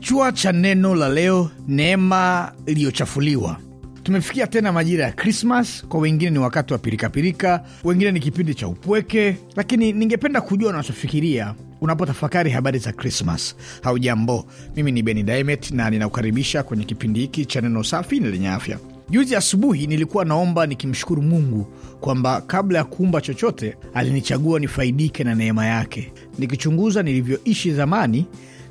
Kichwa cha neno la leo: neema iliyochafuliwa. Tumefikia tena majira ya Krismas. Kwa wengine ni wakati wa pirikapirika, wengine ni kipindi cha upweke, lakini ningependa kujua unachofikiria unapotafakari habari za Krismas. Haujambo, mimi ni Beni Daimet na ninakukaribisha kwenye kipindi hiki cha neno safi na lenye afya. Juzi asubuhi nilikuwa naomba nikimshukuru Mungu kwamba kabla ya kuumba chochote alinichagua nifaidike na neema yake. Nikichunguza nilivyoishi zamani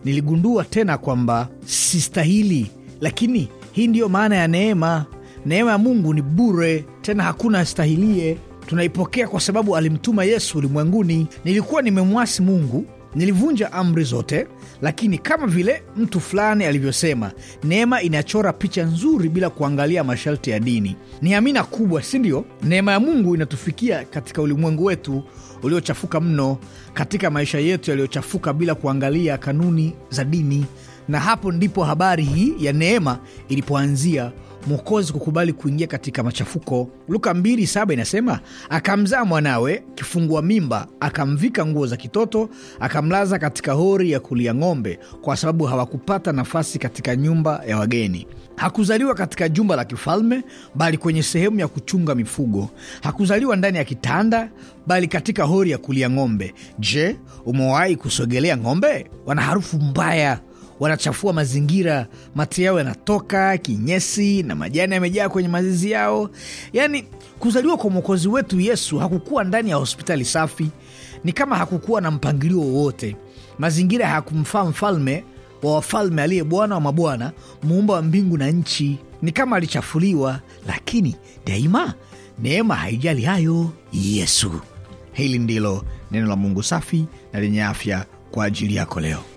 niligundua tena kwamba sistahili, lakini hii ndiyo maana ya neema. Neema ya Mungu ni bure, tena hakuna astahilie. Tunaipokea kwa sababu alimtuma Yesu ulimwenguni. Nilikuwa nimemwasi Mungu, nilivunja amri zote lakini kama vile mtu fulani alivyosema, neema inachora picha nzuri bila kuangalia masharti ya dini. Ni amina kubwa, si ndio? Neema ya Mungu inatufikia katika ulimwengu wetu uliochafuka mno, katika maisha yetu yaliyochafuka, bila kuangalia kanuni za dini. Na hapo ndipo habari hii ya neema ilipoanzia Mwokozi kukubali kuingia katika machafuko. Luka 2:7 inasema akamzaa mwanawe kifungua mimba, akamvika nguo za kitoto, akamlaza katika hori ya kulia ng'ombe, kwa sababu hawakupata nafasi katika nyumba ya wageni. Hakuzaliwa katika jumba la kifalme, bali kwenye sehemu ya kuchunga mifugo. Hakuzaliwa ndani ya kitanda, bali katika hori ya kulia ng'ombe. Je, umewahi kusogelea ng'ombe? Wana harufu mbaya wanachafua mazingira, mate yao yanatoka, kinyesi na majani yamejaa kwenye mazizi yao. Yaani, kuzaliwa kwa mwokozi wetu Yesu hakukuwa ndani ya hospitali safi, ni kama hakukuwa na mpangilio wowote. Mazingira hayakumfaa mfalme wa wafalme aliye Bwana wa mabwana, muumba wa mbingu na nchi. Ni kama alichafuliwa, lakini daima neema haijali hayo. Yesu, hili ndilo neno la Mungu safi na lenye afya kwa ajili yako leo.